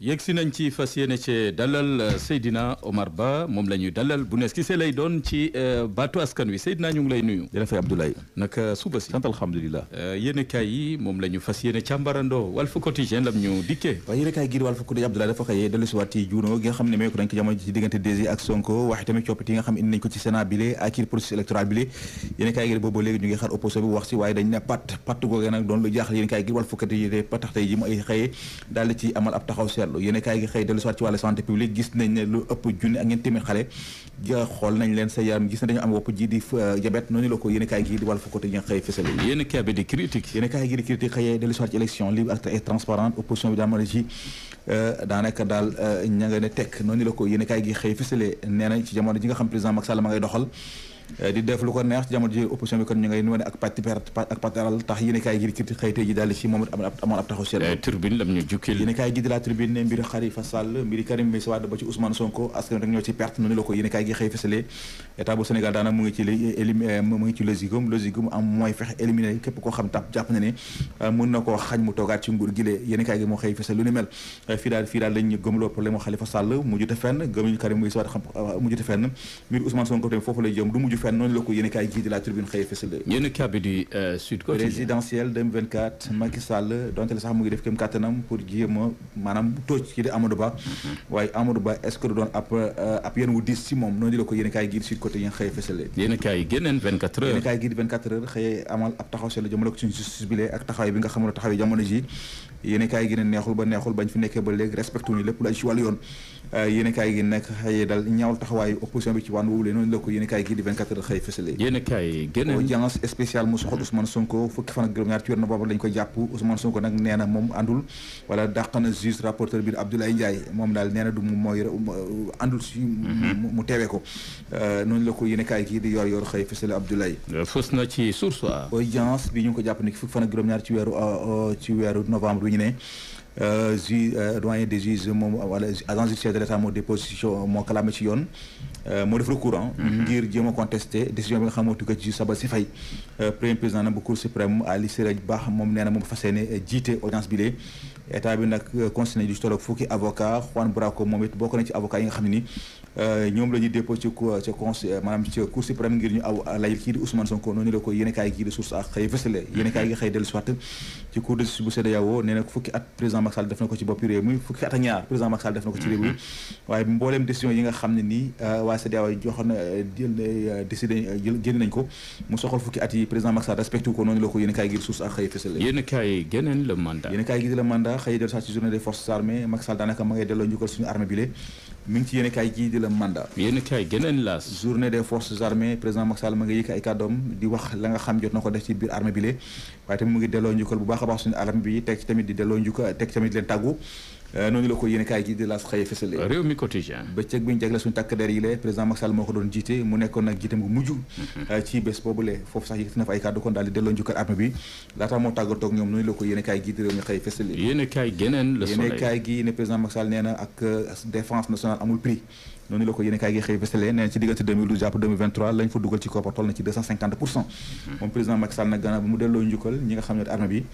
yéeg si nañ ci fas yéene ci dalal euh, Seydina Omar Ba moom la ñuy dalal bu nees ki see lay doon ci euh, baatu askan wi Seydina ñu ngi lay nuyu. dina fay naka suba si sant alhamdulilah. Euh, yéen kaay yi moom la gi nga xam ne mooy ko dañ ko jamono ci diggante DG ak Sonko waaye tamit coppite yi nga xam indi nañ ko ci Sénat bi la ak ci processus électoral bi la yéen kaay gi boobu léegi ñu ngi xaar opposition wax si waaye dañ ne pat pat googee nag doon lu jaaxal yéen kaay gi Walf Quotidien ba tax tey ji ay xëyee daal ci amal ab taxaw seetlu yéen kaay gi xëy dellu soit ci wàllu santé publique gis nañ ne lu ëpp junni ak ñeent téeméer xale xool nañ leen sa yaram gis ne dañu am wopp ji di jabet euh, noonu la ko yéen gi di wàllu côté ci euh, daal euh, ña nga ne tekk la ko yéen kaay gi xëy fësale nee na ci jamono ji nga xam président Macky Sall ma ngay doxal Eh, di def lu ko neex jamono ji opposition bi kon ñu ngay ci moom it am mooy fexe éliminer képp koo xam tap jàpp na ne eh, mën na koo xañ mu toogaat ci nguur gi moo eh, fii daal fii daal lañ problème Khalifa Sall mujjute fenn mbir Ousmane Sonko foofu lay jëm du mujj fan noonu la ko yéen a kaay gii di la tribune xëy fësale yéen a kaay bi di euh, Sud Quotidien présidentielle 2024 Macky Sall donte la sax mu ngi def kem kàttanam pour jéem a maanaam tooj kii di Amadou Ba mhm. waaye Amadou Ba est-ce que du doon ab euh, ab yéen wu diis si moom noonu la ko yéen a kaay gii di Sud Quotidien xëy fësale yéen a kaay génneen 24 heures yéen a kaay gii di 24 heures xëy amal ab taxaw seetlu jëmale ko suñu justice bi lee ak taxawaay bi nga xam ne taxawee jamono ji yéen a kaay gi ne neexul ba neexul bañ fi nekkee ba léegi respecté wuñu lépp lu ay ci wàllu yoon euh, yéen a kaay gi nag xëy dal ñaawul taxawaayu opposition bi ci wàllu woowu noonu la ko yéen a kaay gii di 24 L'Observateur xëy fësale yéen kay gën audience spéciale mu soxal Ousmane Sonko fukki fan ak juróom-ñaar ci weer novembre lañ koy jàpp Ousmane Sonko nag nee na moom àndul wala dàq na juge rapporteur bi Abdoulaye Ndiaye moom daal nee na du mooy àndul si mu mhm. teewee ko euh, noonu la ko yéen kaay gii di yor yor xëy fësale Abdoulaye euh, fës na ci source audience bi ñu ko jàpp ni fukki fan ak juróom ci weeru euh, ci weeru novembre bi ñu ne Euh, ju euh, doyen des juges euh, moom wala agent judiciaire de l'état moo déposition moo ci yoon moo def recours mhm. ngir jéem a contesté décision bi nga xam moo tukkee ci juge Sabassy premier président na bu cour suprême Ali Siraj Bah moom nee moom fas yéene jiite audience bi lee bi nag consigné du tolloog fukki avocat Juan Branco moom it bokk na ci avocat yi nga xam ni ñoom la ñuy ci ca suprême ngir ñu aw layil kii di Ousmane Sonko noonu la ko yéen kaay gii ak xëy Macky Sall def na ko ci boppi réew mi fukki at ak ñaar président def na ko ci réew mi mm-hmm. waaye mbooleem décision yi nga xam ne nii euh, waa CEDEAO joxoon na euh, jël euh, décidé jël nañ ko mu soxal fukki at yi président Macky Sall ko noonu la ko yéen kaay ngir suus ak xëy fësal yéen kaay geneen le mandat yéen mandat xëy dellu saa ci journée des forces armées Macky daanaka ma ngay delloo njukkal suñu armée bi mi ngi ci yéen kaay gii di la mandat yéen kaay geneen laas journée des forces armées président Macky Sall ma nga yëkk ay kàddoom di wax la nga xam jot na ko def ci biir armée bi lee waaye tamit mu ngi delloo njukkal bu baax a baax suñu armée bi teg ci tamit di delloo njukkal teg ci tamit leen tàggu Euh, noonu la ko yéen kaay gi di laas xëye fësale réew mi quotidien bëccëg bi ñu jagle suñu tàkk der yi lee président Macky Sall moo ko doon jiite mu nekkoon nag jiitam gu mujj mhm. euh, ci bés boobule foofu sax yëkkati na fa ay kàddu kon daal di delloo njukkal armée bi laata moo tàggatoog ñoom noonu la ko yéen kaay gi di réew mi xëye fësale yéen kaay geneen le soleil yéen kaay gi ne président Macky Sall nee na ak euh, défense nationale amul prix noonu la ko yéen kaay gi xëy fësale nee na ci diggante 2012 jàpp 2023 lañ fa dugal ci koppar toll na ci 250 pour cent mhm. moom président Macky Sall nag gannaaw bu mu delloo njukkal ñi nga xam ne armée bi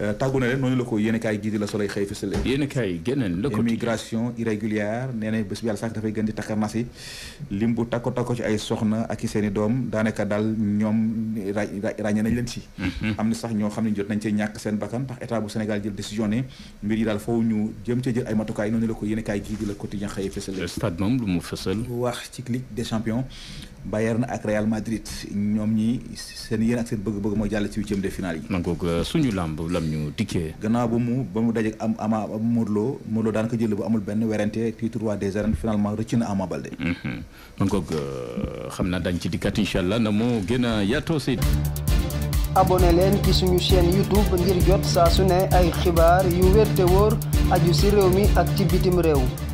Euh, tàggu na leen noonu la ko yéen kaay gii di la Soleil xëy fësale yéen kaay génneen la ko immigration irrégulière nee na bés bi yàlla sax dafay gën di takka masi lim bu takko takko ci ay soxna ak i seen i doom daanaka daal ñoom ràññee nañ leen ci mhm. am na sax ñoo xam ne jot nañ cee ñàkk seen bakkan ndax état bu Sénégal jël décision ne mbir yi daal foofu ñu jëm ci jël ay matukaay noonu la ko yéen kaay gii di la Quotidien xëy fësale stade moom lu mu fësal wax ci Ligue des champions Bayern ak Real Madrid ñoom ñi seen yéen ak seen bëgg-bëgg mooy jàll ci huitième de finale yi. man googu euh, suñu làmb lam ñu dikkee. gannaaw ba mu ba mu dajeeg am ama Modou Lo Modou jël bu amul benn werante titre roi des arènes finalement rëcc na Ama Baldé. man mhm. euh, xam naa dañ ci dikkaat incha allah na moo gëna a yaatoo si. abonné leen ci suñu chaîne YouTube ngir jot saa su ne ay xibaar yu wér te wóor aju si réew mi ak ci bitim réew.